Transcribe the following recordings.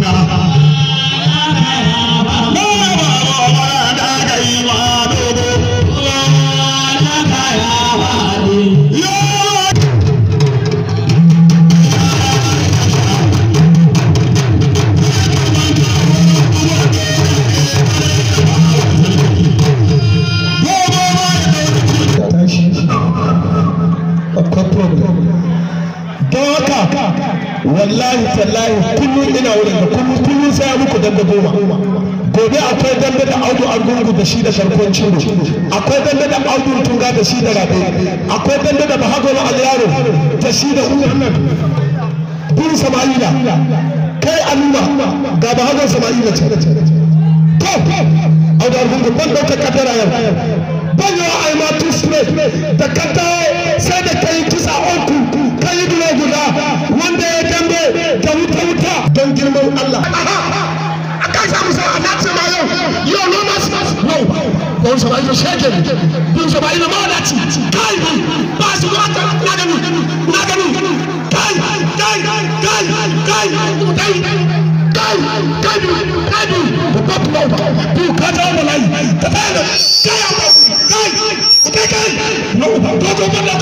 Buddha. wallahi tallahi kullum ina wurin da kullum kullum sai ya muku dambe goma gobe akwai dambe da audu argungu da shi da sharkon akwai dambe da audu tunga da shi da rabe akwai dambe da da shi da kai aluma ga ce to audu argungu ban yau ban yawa aima straight da sai da kai kisa Allah a kan samu sa'a na ce ma yau yau no mas wow kun sa bai shege kun sa bai ma da ci kai ba su wata na gani kai, kai, kai kai kai kai kai kai kai kai kai kai, kai, kai, kai, kai, da kai, kai, kai kai kai kai kai, kai, kai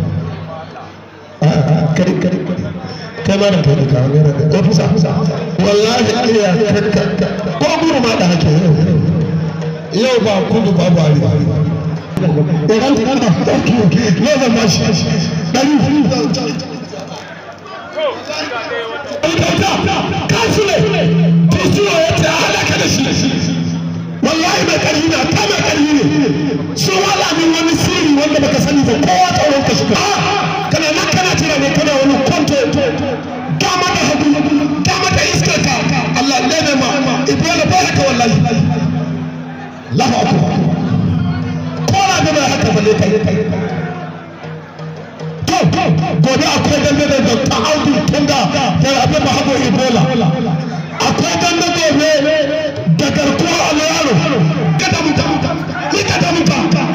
kai kai kai ma da kai da kawo naira da kai fusa fusa wallahi iya kakka ko gudu ma da hake yau yau ba kudu ba ba riba idan ta da fitaki yau zan ba shi ɗari kansule tisiyo ya halaka da shi wallahi mai ƙarfi na ta mai ƙarfi ne sun wala min wani sirri wanda baka sani ba kowa to gobe akwai dambe da dr audu tunda da rabe mahabo ebola akwai dambe gobe da garkuwa a yaro kada muta ni kada muta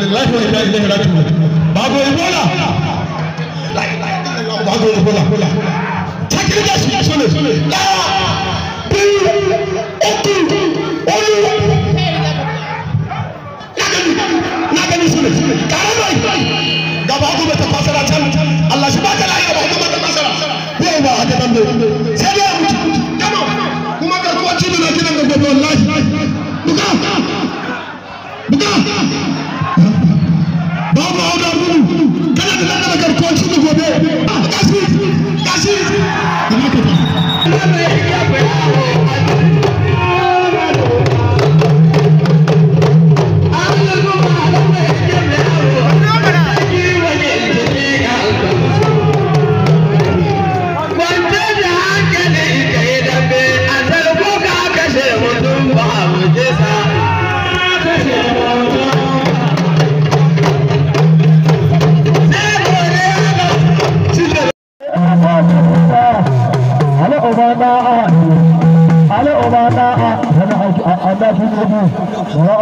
lillahi wa inna ibola ibola takiri sole olu sole fasara can Allah shi ba fasara ba sai dai mutu kama kuma garkuwa cibi na kiran ga wallahi buka buka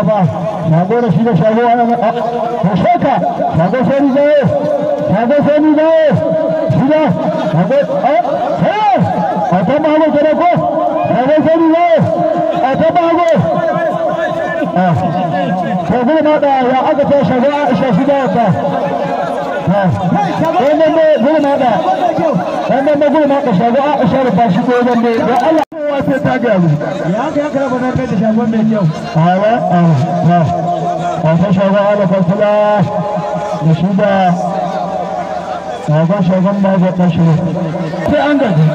aba shago rashida shago shaka shago sani jaye shago sani jaye shida shago ata bago kare ko shago sani jaye ata bago shago ma da ya aka ta shago shida ta wannan ne gurma da wannan ne gurma ka shago a shar ba shi ko wannan ne ga Allah kowa sai ta gaya mu ya ga ya kira ba kai da shagon mai kyau awa awa awa shagon ala fasula da shi da shagon shagon ba ga kashi sai an gaji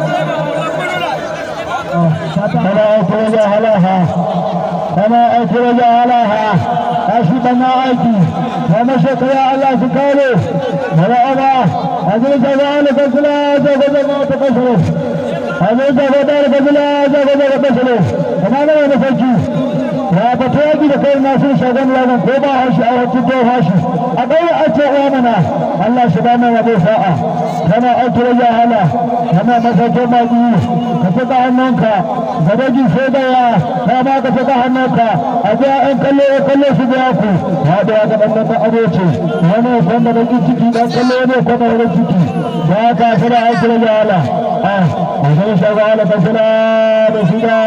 kana aiki da halaha kana aiki da halaha kashi bana aiki kana shekara Allah su kare kana aba a zai shagon ala fasula da gwada ma ta kashi abin gaba da kabila gaba da gaba salo amma na da sarki ya ba ta yaki da kai na sun shagon lagun ko ba hashi a wacce ta hashi a ɗaya a ce wa mana Allah shi ba mai rabo sa'a kana autura ya hala kana masauke maɗi ka fita hannunka gaba ji sai da ya ta ma ka fita hannunka a ji an kallo ya kallo su biya ku ya da ya gaban ta wani ciki dan kallo ne kwanda ciki ya ka kana hala ah. विशेषवान पशुनाशिया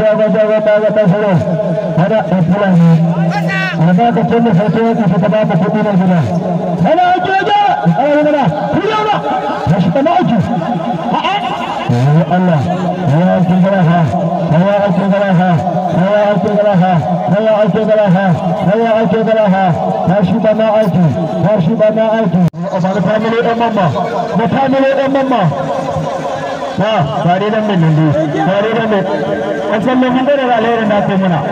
जगदागतसुरस हर इस्ला हरदा को चंद सोचे कि सतबा को खुदी नहीं मिला हर आजा अरे मेरा खुदा ना हस्तनाज يا الله يا كبرها يا كبرها يا كبرها يا كبرها يا كبرها يا شباب ما أتي يا شباب ما أتي ba da family ɗan mamma da family ɗan mamma ta tare da mai lundu tare da mai a tsallan mun gada da da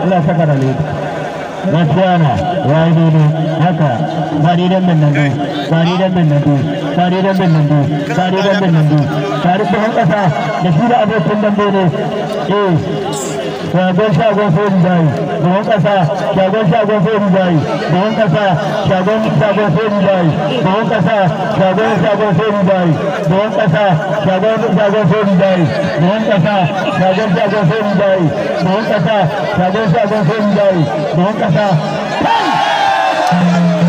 Allah saka da alheri gaskiya na ya yi dole haka tare da mai lundu tare da mai lundu tare da mai lundu tare da mai lundu tare ne eh shagon shagon fori jayi gaban kasa shagon shagon fori jayi gaban kasa shagon shagon fori jayi gaban kasa shagon shagon fori jayi gaban kasa shagon shagon fori jayi gaban kasa shagon shagon fori jayi gaban kasa shagon shagon fori jayi